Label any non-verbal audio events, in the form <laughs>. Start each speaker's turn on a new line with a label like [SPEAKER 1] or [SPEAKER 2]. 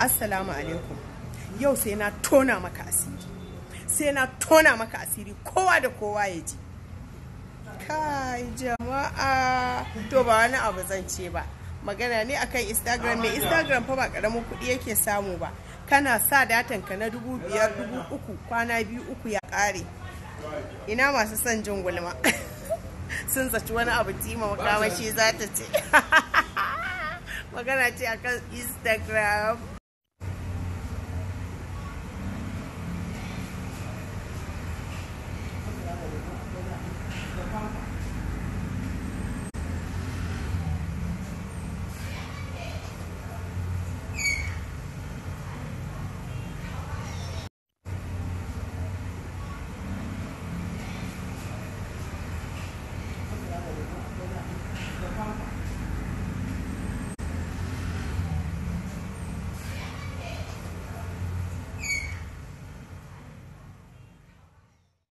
[SPEAKER 1] assalamu alaikum yau sai na tona maka asiri sai na tona maka asiri kowa da kowa ya ji kai jama'a to ba wani abu zan ce ba magana ne akan instagram mai instagram fa ba karamin kuɗi yake samu ba kana sa datan ka na dubu biyar dubu uku kwana biyu uku ya ƙare ina masu son jin gulma <laughs> sun zaci wani abu tima makamashi za ta ce <laughs> magana ce akan
[SPEAKER 2] instagram